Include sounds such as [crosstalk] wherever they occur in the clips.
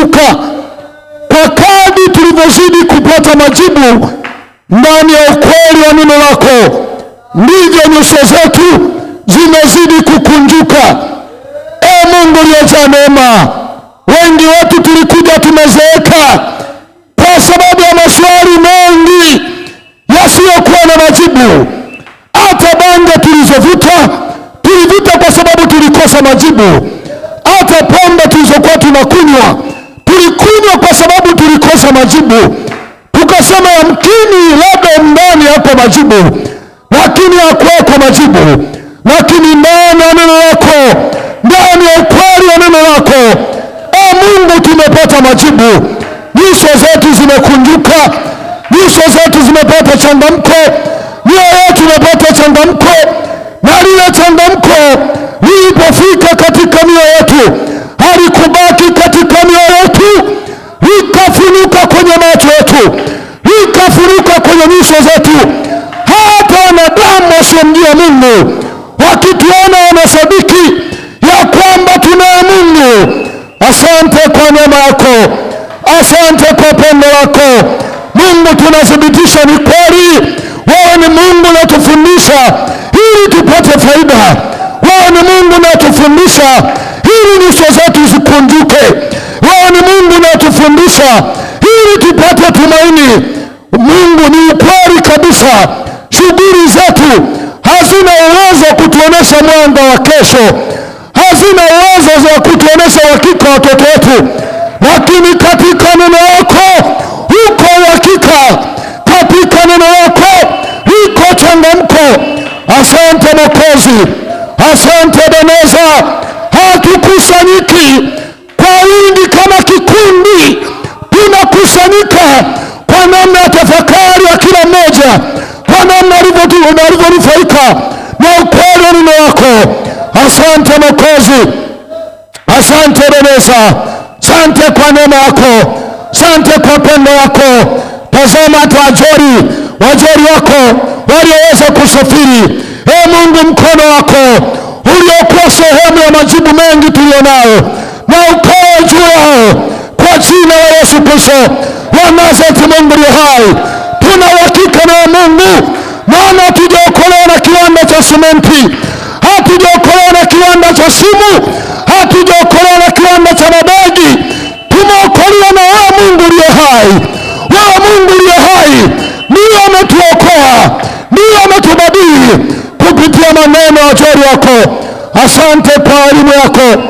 kuzuka. Kwa kadri tulivyozidi kupata majibu ndani ya ukweli wa neno lako, ndivyo nyuso zetu zimezidi kukunjuka. E Mungu uliyejaa neema, wengi wetu tulikuja tumezeeka zetu zimekunjuka, nyuso zetu zimepata changamko, mioyo yetu imepata changamko, na lile changamko lilipofika katika mioyo yetu halikubaki katika mioyo yetu, likafunuka kwenye macho yetu, likafunuka kwenye nyuso zetu. Hata wanadamu wasiomjua Mungu wakituona wanasadiki Mungu natufundisha ili tupate faida. Wewe ni Mungu natufundisha ili nyuso zetu zikunjuke. Wewe ni Mungu natufundisha ili tupate tumaini. Mungu ni ukweli kabisa, shughuli zetu hazina uwezo kutuonesha mwanga wa kesho, hazina uwezo za kutuonesha uhakika watoto wetu, lakini katika neno lako uko uhakika katika neno changamko. Asante Mwokozi, asante Beneza. Hatukusanyiki kwa wingi kama kikundi, tunakusanyika kwa namna ya tafakari ya kila mmoja, kwa namna alivyonufaika na ukweli wa neno Asante Mwokozi, asante Beneza, sante kwa neema yako, sante kwa pendo wako. Tazama hata wajeri, wako walioweza kusafiri. E Mungu, mkono wako uliokuwa sehemu ya majibu mengi nayo na ukoe juu yao kwa jina la Yesu Kristo wa Nazareti. Mungu ni hai, tuna uhakika na Mungu, maana tujokolea na kiwanda cha simenti Asante kwa elimu yako,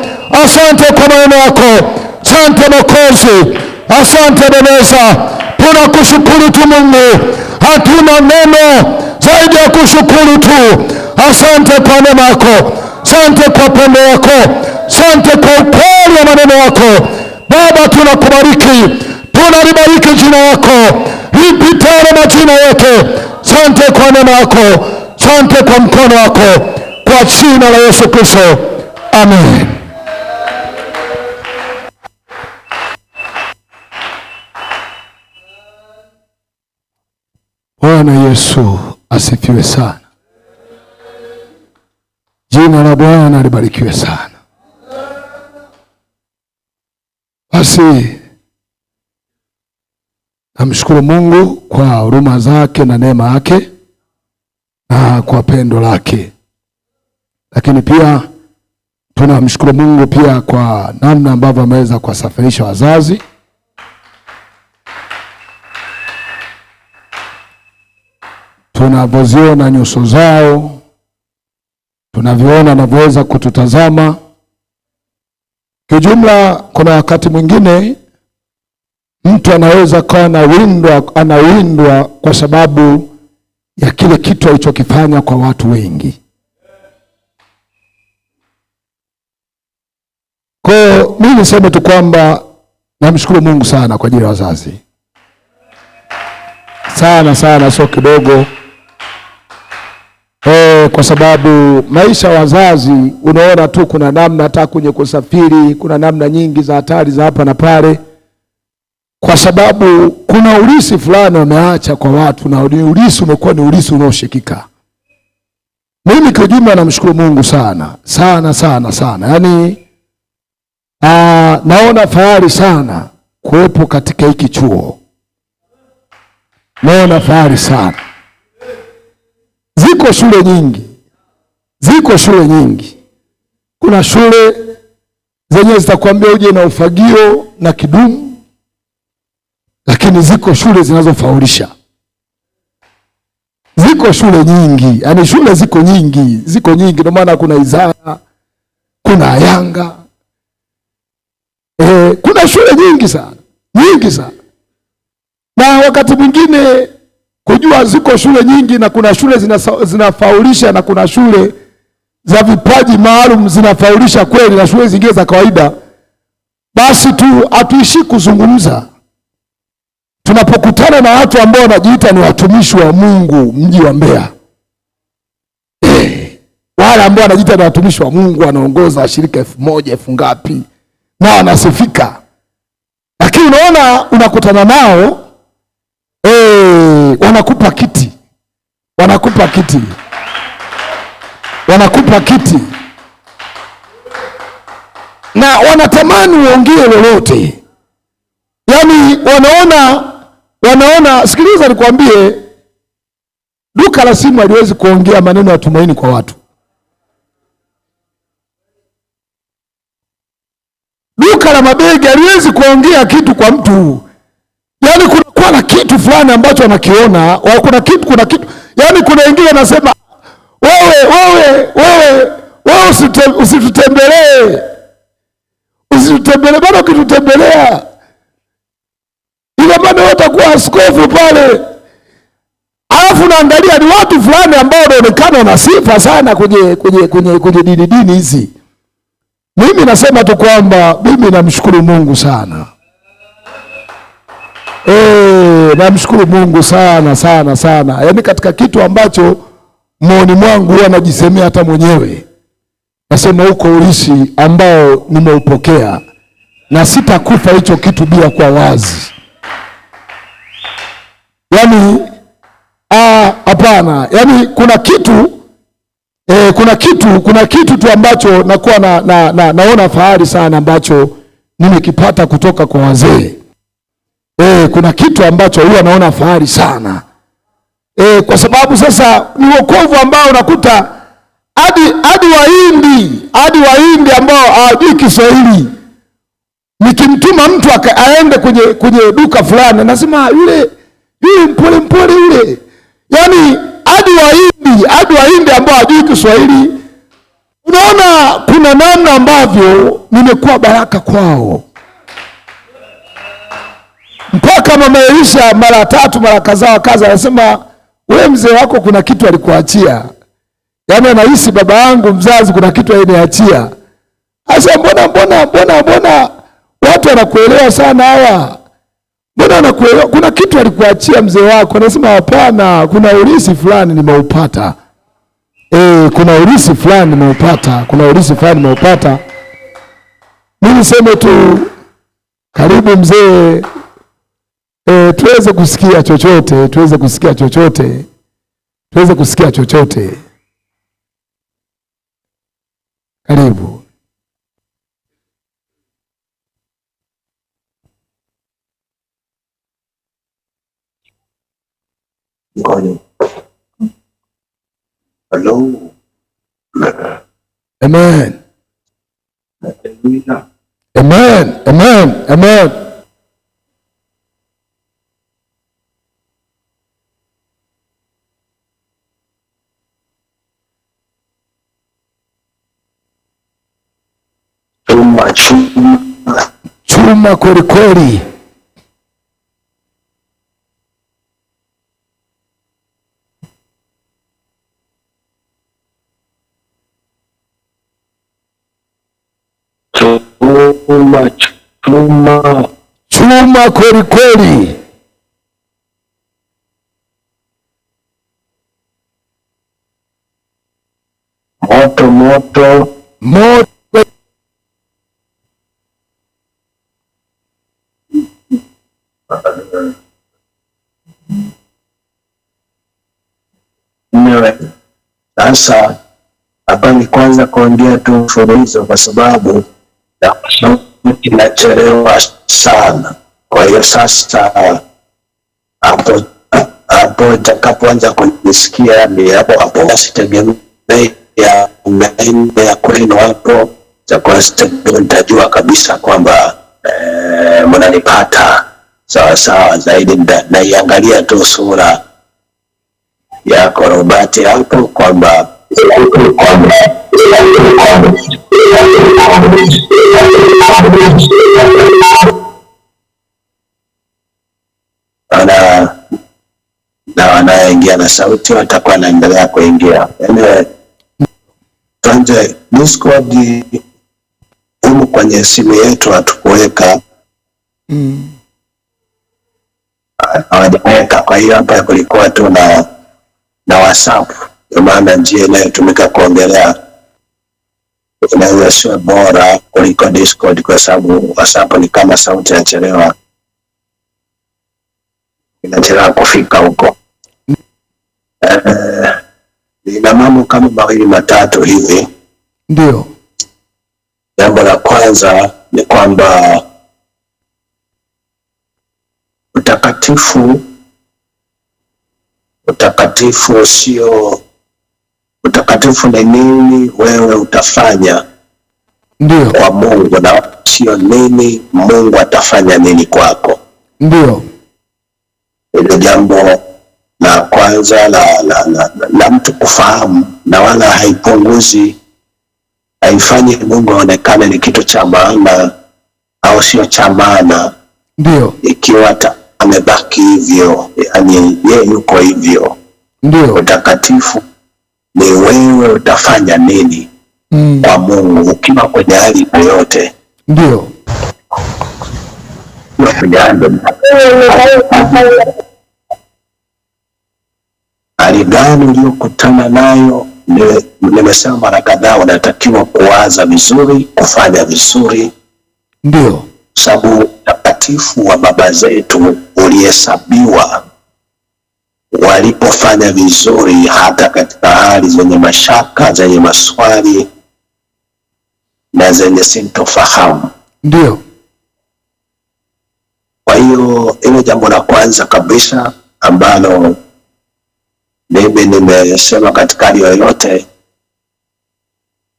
asante kwa maneno yako, asante Mwokozi, asante Beneza. Tunakushukuru tu Mungu, hatuna neno zaidi ya kushukuru tu. Asante kwa neema yako, asante kwa pendo yako, asante kwa ukweli wa maneno yako. Baba, tunakubariki, tunalibariki jina yako lipitalo majina yote. Asante kwa neema yako, asante kwa mkono wako kwa jina la Yesu Kristo, amen. Bwana Yesu asifiwe sana. Jina la Bwana libarikiwe sana. Basi namshukuru Mungu kwa huruma zake na neema yake na kwa pendo lake. Lakini pia tunamshukuru Mungu pia kwa namna ambavyo ameweza kuwasafirisha wazazi tunavyoziona nyuso zao, tunavyoona wanavyoweza kututazama kijumla. Kuna wakati mwingine mtu anaweza kawa anawindwa, anawindwa kwa sababu ya kile kitu alichokifanya kwa watu wengi. Kwa hiyo mimi niseme tu kwamba namshukuru Mungu sana kwa ajili ya wazazi sana sana, sio kidogo e, kwa sababu maisha ya wazazi unaona tu, kuna namna hata kwenye kusafiri, kuna namna nyingi za hatari za hapa na pale, kwa sababu kuna urisi fulani wameacha kwa watu, na urisi umekuwa ni urisi unaoshikika. Mimi kwa jumla namshukuru Mungu sana sana sana sana, yaani na naona fahari sana kuwepo katika hiki chuo, naona fahari sana. Ziko shule nyingi, ziko shule nyingi. Kuna shule zenyewe zitakwambia uje na ufagio na kidumu, lakini ziko shule zinazofaulisha. Ziko shule nyingi, yaani shule ziko nyingi, ziko nyingi. Ndio maana kuna izara kuna Yanga Eh, kuna shule nyingi sana nyingi sana na wakati mwingine kujua ziko shule nyingi na kuna shule zinafaulisha na kuna shule za vipaji maalum zinafaulisha kweli, na shule zingine za kawaida, basi tu hatuishii kuzungumza. Tunapokutana na watu ambao wanajiita ni watumishi wa Mungu mji wa Mbeya, eh, wale ambao wanajiita ni watumishi wa Mungu, wanaongoza shirika elfu moja elfu ngapi na wanasifika, lakini unaona unakutana nao e, wanakupa kiti, wanakupa kiti, wanakupa kiti na wanatamani uongee lolote, yaani wanaona wanaona. Sikiliza nikwambie, duka la simu haliwezi kuongea maneno ya tumaini kwa watu. duka la mabegi haliwezi kuongea kitu kwa mtu, yaani kunakuwa na kitu fulani ambacho anakiona, kuna kitu, kuna kitu, yaani kuna wengine wanasema wewe, wewe, wewe, wewe usitutembelee, usitutembelee, bado ukitutembelea ina maana watakuwa askofu pale. Alafu naangalia ni watu fulani ambao wanaonekana wana sifa sana kwenye kwenye kwenye dini dini hizi mimi nasema tu kwamba mimi namshukuru Mungu sana e, namshukuru Mungu sana sana sana, yaani katika kitu ambacho moyoni mwangu huwa najisemea hata mwenyewe, nasema huko urishi ambao nimeupokea na sitakufa hicho kitu bila kwa wazi, yaani ah, hapana, yaani kuna kitu E, kuna kitu kuna kitu tu ambacho nakuwa na, na, na, naona fahari sana ambacho nimekipata kutoka kwa wazee. E, kuna kitu ambacho huwa naona fahari sana e, kwa sababu sasa ni wokovu ambao unakuta hadi hadi Wahindi hadi Wahindi ambao hawajui Kiswahili, nikimtuma mtu aende kwenye kwenye duka fulani, nasema ah, yule yule mpole mpole yule, yaani hadi Wahindi, hadi Wahindi ambao hawajui Kiswahili. Unaona, kuna namna ambavyo nimekuwa baraka kwao, mpaka mama Elisha mara tatu mara kadhaa kaza anasema, we mzee wako kuna kitu alikuachia. Yaani anahisi baba yangu mzazi kuna kitu aliniachia. Asa, mbona mbona mbona mbona watu wanakuelewa sana hawa Mbona anakuelewa? Kuna kitu alikuachia mzee wako, anasema hapana, kuna urithi fulani nimeupata. Eh, kuna urithi fulani nimeupata, kuna urithi fulani nimeupata. Mimi niseme tu karibu mzee e, tuweze kusikia chochote, tuweze kusikia chochote, tuweze kusikia chochote. Karibu. Morning. Hello. Amen. Hallelujah. Amen. Amen. Amen. Chuma kweli kweli. chuma, chuma, chuma kweli kweli. Moto moto moto sasa. Hapa ni kwanza kuongea tu mfululizo kwa sababu inachelewa sana. Kwa hiyo sasa hapo hapo itakapoanza kujisikia ni hapo hapo, wasitegemee ya umeenda ya kwenu hapo nitajua kabisa kwamba eh, mnanipata sawa sawa zaidi. Naiangalia tu sura yako Robati hapo kwamba wana na wanaoingia na sauti watakuwa wanaendelea kuingia. tuanze Discord humu kwenye simu yetu hatukuweka mm, Kwa hiyo hapa kulikuwa tu na na WhatsApp, ndio maana njia inayotumika kuongelea inaweza sio bora kuliko Discord kwa sababu WhatsApp ni kama sauti inachelewa inachelewa kufika huko. Uh, nina mambo kama mawili matatu hivi. Ndio, jambo la kwanza ni kwamba utakatifu utakatifu sio utakatifu ni nini wewe utafanya ndio kwa Mungu na sio nini Mungu atafanya nini kwako. Ndio ilo jambo la kwanza la, la, la, la mtu kufahamu, na wala haipunguzi haifanyi Mungu aonekane ni kitu cha maana au sio cha maana. Ndio ikiwa amebaki hivyo, yani yeye yuko hivyo. Ndio utakatifu ni wewe utafanya nini mm. kwa Mungu ukiwa kwenye hali yoyote, ndio hali gani uliyokutana nayo. Nimesema mara kadhaa, unatakiwa kuwaza vizuri, kufanya vizuri, ndio sababu utakatifu wa baba zetu ulihesabiwa walipofanya vizuri hata katika hali zenye mashaka, zenye maswali na zenye sintofahamu. Ndio, kwa hiyo ile jambo la kwanza kabisa ambalo mimi nimesema katika hali yoyote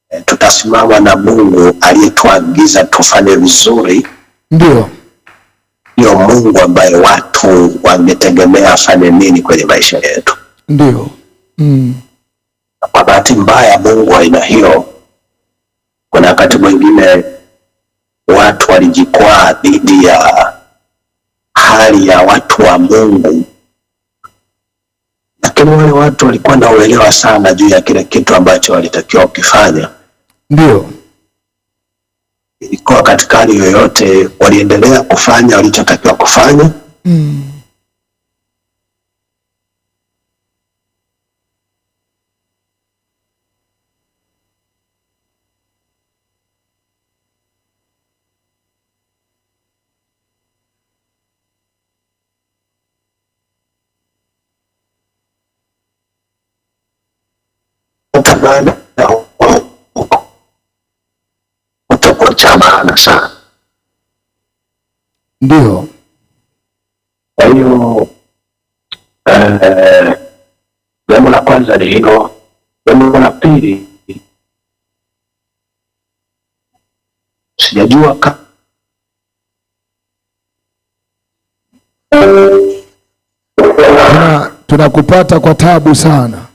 eh, tutasimama na Mungu aliyetuagiza tufanye vizuri, ndio ndio Mungu ambaye watu wangetegemea afanye nini kwenye maisha yetu. Ndio. Mm. Kwa bahati mbaya, Mungu aina hiyo, kuna wakati mwingine watu walijikwaa dhidi ya hali ya watu wa Mungu, lakini wale watu walikuwa na uelewa sana juu ya kile kitu ambacho walitakiwa kukifanya. Ndio ilikuwa katika hali yoyote, waliendelea kufanya walichotakiwa kufanya mm. Ndio. Kwa hiyo eh, jambo la kwanza ni hilo. Jambo la pili sijajua tunakupata kwa tabu sana.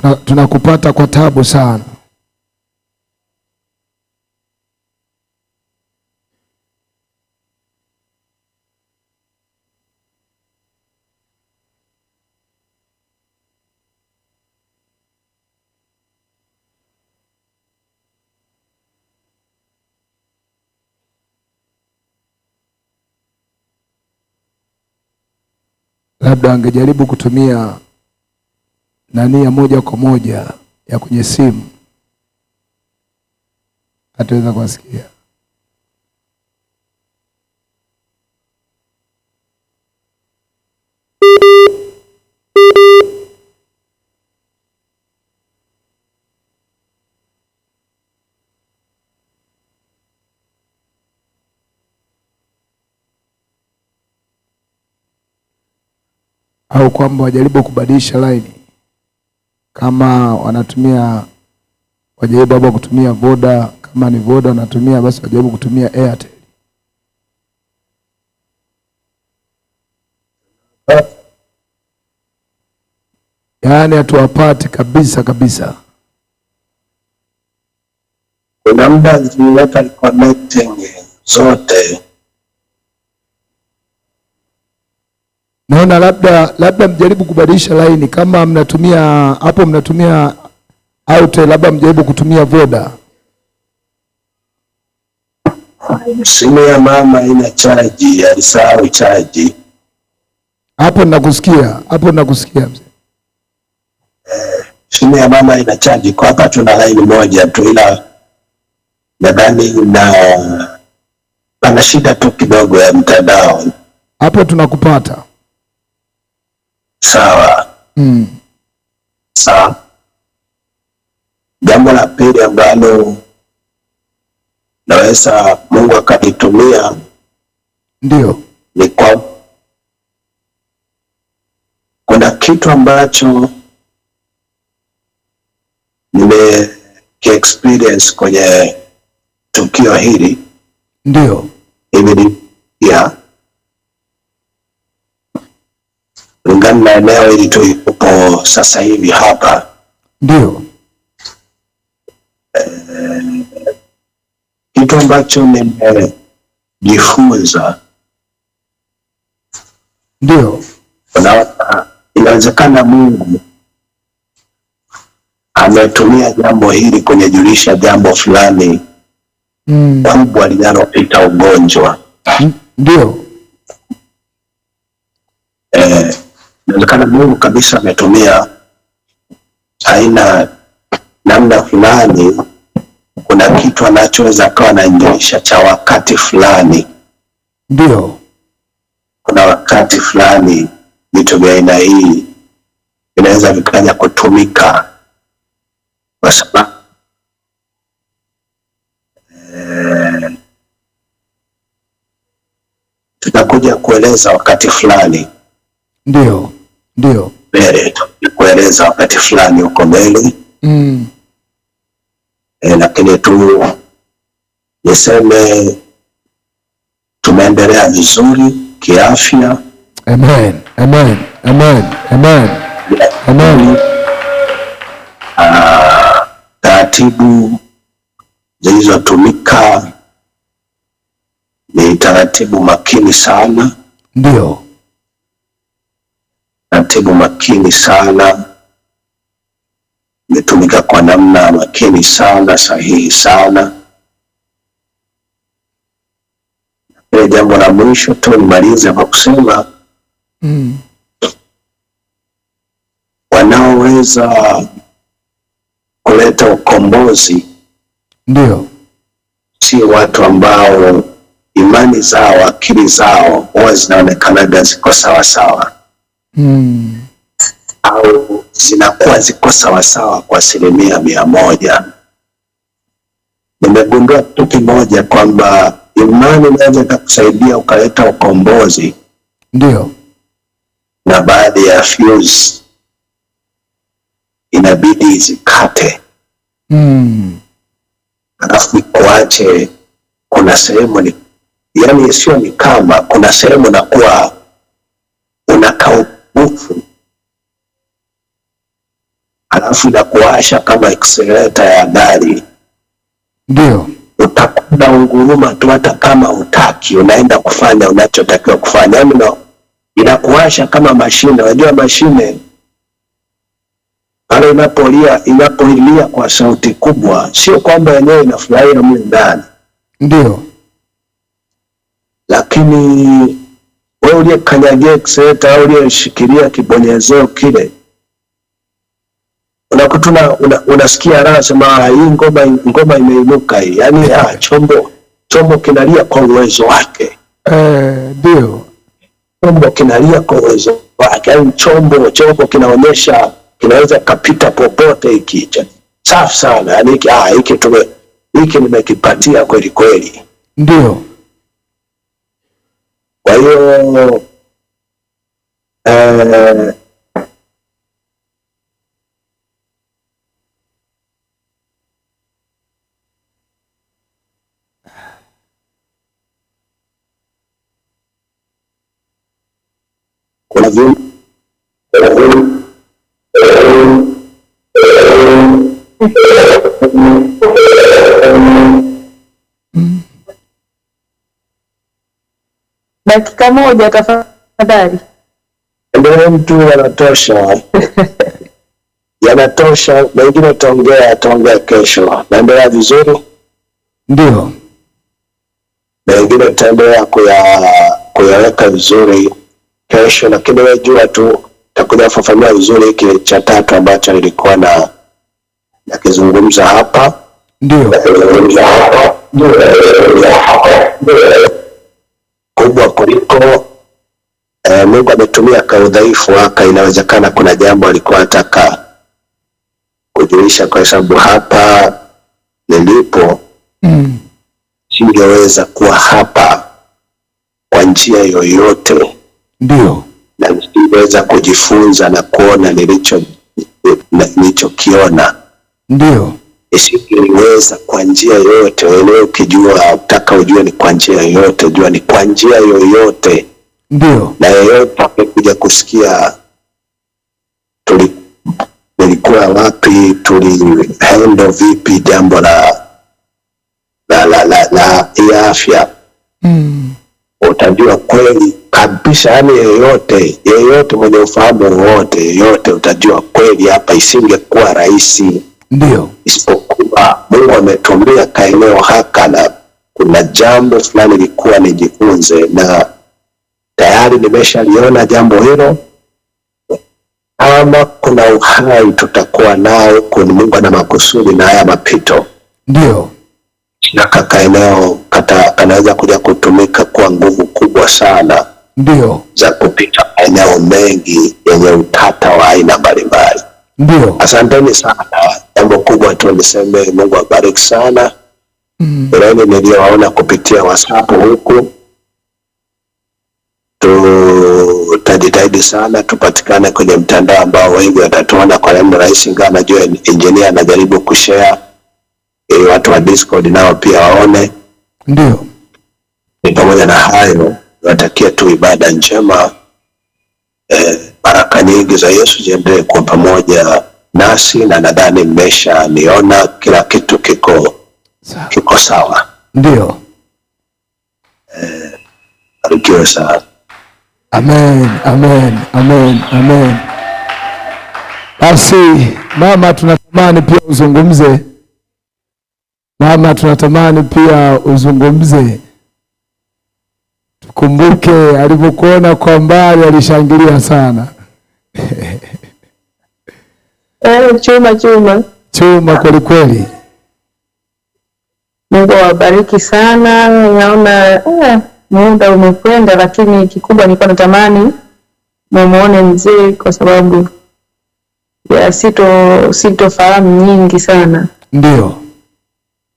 tunakupata tuna kwa tabu sana. Labda angejaribu kutumia na nia moja kwa moja ya kwenye simu ataweza kuwasikia. au kwamba wajaribu kubadilisha laini kama wanatumia wajaribu labda kutumia Voda, kama ni Voda wanatumia basi wajaribu kutumia Airtel. Yaani hatuwapati kabisa kabisa. Kuna muda ziliweka zote naona labda labda mjaribu kubadilisha laini, kama mnatumia hapo mnatumia Airtel, labda mjaribu kutumia Voda. Simu ya mama ina chaji, alisahau chaji. Hapo nakusikia, hapo nakusikia mzee. Eh, simu ya mama ina chaji kwa hapa, tuna laini moja tu, ila nadhani na ana shida tu kidogo ya mtandao. Hapo tunakupata. Sawa. Mm. Sawa. Jambo la pili ambalo naweza Mungu akanitumia ndio ni kwa, kuna kitu ambacho nimekiexperience kwenye tukio hili ndio hivi ya namna eneo hili tulipo sasa hivi hapa ndio eh, kitu ambacho nimejifunza ndio, inawezekana Mungu ametumia jambo hili julisha jambo fulani mm, kubwa linalopita ugonjwa ndio eh, Inaonekana Mungu kabisa ametumia aina namna fulani, kuna kitu anachoweza akawa anaendelesha cha wakati fulani. Ndio, kuna wakati fulani vitu vya aina hii vinaweza vikaja kutumika kwa sababu eh, tutakuja kueleza wakati fulani ndio ndio mbele kueleza wakati fulani huko mbele mm. E, lakini tu niseme tumeendelea vizuri kiafya. Amen, amen, amen, amen, amen. Ah, taratibu zilizotumika ni taratibu makini sana, ndio utaratibu makini sana, umetumika kwa namna makini sana, sahihi sana. Ile jambo la mwisho tu nimalize kwa kusema mm, wanaoweza kuleta ukombozi ndio si watu ambao imani zao akili zao huwa zinaonekanaga ziko sawasawa. Hmm. au zinakuwa ziko sawasawa kwa asilimia mia moja. Nimegundua kitu kimoja kwamba imani inaweza ikakusaidia ukaleta ukombozi, ndio, na baadhi ya fuse inabidi zikate mm. Alafu ikuache kuna sehemu ni, yani sio ni kama kuna sehemu nakuwa unakaa nguvu, alafu inakuasha kama accelerator ya gari, ndio utakuda unguruma tu, hata kama utaki, unaenda kufanya unachotakiwa kufanya, mno yaani inakuasha kama mashine. Unajua mashine pale inapolia, inapoilia kwa sauti kubwa, sio kwamba yenyewe inafurahia mle ndani, ndio lakini wewe uliyekanyagia kiseta au uliyeshikilia kibonyezeo kile, unakuta una, unasikia raha sema ah, hii ngoma ngoma imeinuka hii, yani ah, chombo chombo kinalia kwa uwezo wake, eh, ndio eh, chombo kinalia kwa uwezo wake, yani chombo chombo kinaonyesha kinaweza kapita popote hiki safi sana, yani ah, hiki tume hiki nimekipatia kweli kweli, ndio y وهي آه b r a s o l dakika moja tafadhali. Ndio mtu [laughs] yanatosha, yanatosha. Mengine utaongea, ataongea kesho. Naendelea vizuri, ndio mengine utaendelea kuyaweka vizuri kesho, lakini wewe jua tu takuja kufafanua vizuri hiki cha tatu ambacho nilikuwa na nakizungumza hapa, ndio kubwa kuliko e, Mungu ametumia ka udhaifu haka, inawezekana kuna jambo alikuwa anataka kujulisha, kwa sababu hapa nilipo mm. singeweza kuwa hapa kwa njia yoyote, ndio na nisingeweza kujifunza na kuona nilicho nilichokiona, ndio isiyoweza kwa njia yoyote. Wewe ukijua utaka ujue ni kwa njia yoyote, jua ni kwa njia yoyote, ndio na yeyote atakuja kusikia tuli nilikuwa wapi, tuli handle vipi jambo la la la la, la afya mm. Utajua kweli kabisa, yani yeyote yeyote mwenye ufahamu wowote, yeyote utajua kweli hapa isingekuwa rahisi ndio, isipokuwa Mungu ametumia kaeneo haka, na kuna jambo fulani likuwa nijifunze, na tayari nimeshaliona jambo hilo. Kama kuna uhai tutakuwa nao, kuni Mungu ana makusudi na haya mapito, ndio eneo kata kanaweza kuja kutumika kwa nguvu kubwa sana, ndio za kupita maeneo mengi yenye utata wa aina mbalimbali. Ndio, asanteni sana kubwa tu niseme Mungu abariki sana mm. Ilani niliyowaona kupitia WhatsApp huku, tutajitahidi sana tupatikane kwenye mtandao ambao wengi watatuona kwa namna rahisi, ingawa najua engineer anajaribu kushare ili watu wa Discord nao pia waone. Ndio, ni pamoja na hayo, niwatakie tu ibada njema eh, baraka nyingi za Yesu ziendelee kuwa pamoja nasi na nadhani niona kila kitu kiko sawa, kiko sawa. Ndio, eh, barikiwe sana. Amen, amen, amen, amen. Basi mama, tunatamani pia uzungumze mama, tunatamani pia uzungumze. Tukumbuke alivyokuona kwa mbali, alishangilia sana [laughs] Eh, chuma chuma chuma kwelikweli. Mungu awabariki sana. Naona eh, muda umekwenda, lakini kikubwa nilikuwa natamani mumuone mzee kwa sababu ya sito sitofahamu nyingi sana ndio.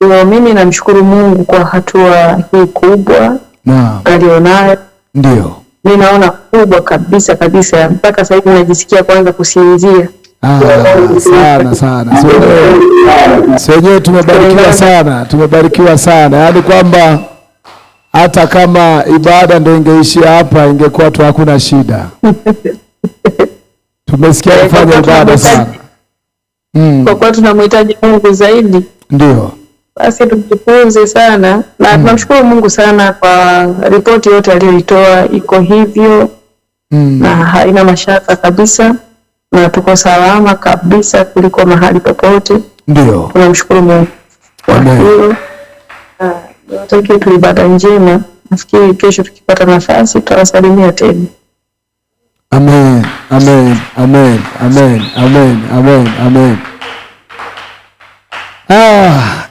Kwa mimi namshukuru Mungu kwa hatua hii kubwa alionayo, ndio mi naona kubwa kabisa kabisa. Mpaka sasa hivi najisikia kwanza kusinzia Ah, sana sana, si tumebarikiwa sana, tumebarikiwa sana, yaani kwamba hata kama ibada ndio ingeishia hapa ingekuwa tu hakuna shida. [laughs] Tumesikia kufanya ibada sana mm. Kwa kuwa tunamhitaji Mungu zaidi, ndio basi tujifunze sana na mm. Tunamshukuru Mungu sana kwa ripoti yote aliyoitoa, iko hivyo mm. na haina mashaka kabisa na tuko salama kabisa kuliko mahali popote. Ndio, tunamshukuru Mungu kwa hilo. tu ibada njema. Nafikiri kesho tukipata nafasi tutawasalimia tena. Amen, amen, amen, amen, amen, amen, amen. Ah,